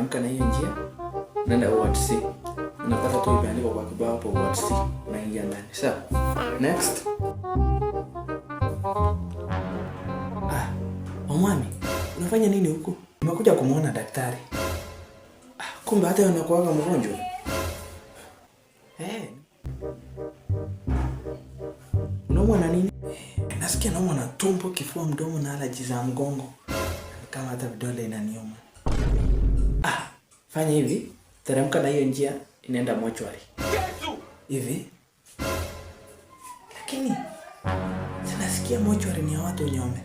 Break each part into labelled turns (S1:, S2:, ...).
S1: ukitamka na hiyo njia, unaenda ward unapata tu imeandikwa kwa kibao hapo ward C, unaingia ndani. Sawa, next.
S2: Ah, wamwami unafanya nini huko? Nimekuja kumwona daktari. Ah, kumbe hata unakuwaga mgonjwa eh? Unaumwa na nini? Eh, nasikia naumwa na tumbo, kifua, mdomo na alaji za mgongo, kama hata vidole inaniuma
S1: fanya hivi, teremka na hiyo njia inaenda mochwari
S2: hivi, lakini sinasikia mochwari ni ya watu unyome.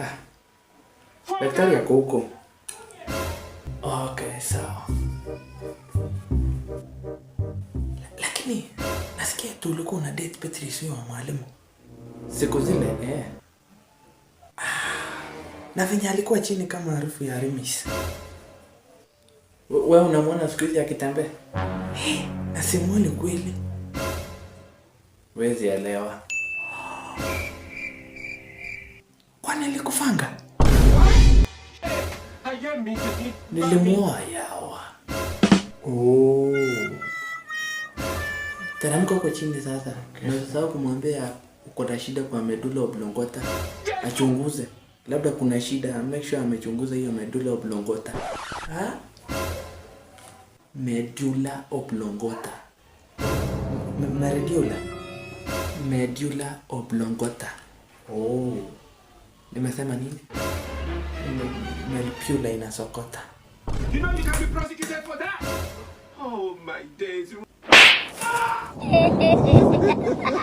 S1: Ah, daktari ako huko.
S2: Okay, sawa lakini nasikia tu ulikuwa una date Petri sio wa mwalimu
S1: siku zile eh.
S2: Ah, na venye alikuwa chini kama harufu ya Rimis.
S1: Wewe unamwona siku hizi akitembea?
S2: Nasimwoni kweli,
S1: wezi elewa.
S2: Kwani nilikufanga?
S1: Nilimwoa Yawa. Oh. Teremka huko chini sasa. Okay. Nasahau kumwambia uko na shida kwa medula oblongota, achunguze labda kuna shida, make sure amechunguza hiyo medula oblongota.
S2: Ha? medulla oblongata. Medulla. Medulla oblongata. Oh. Nimesema nini? Medulla inasokota. You know you can be prosecuted for that. Oh my days.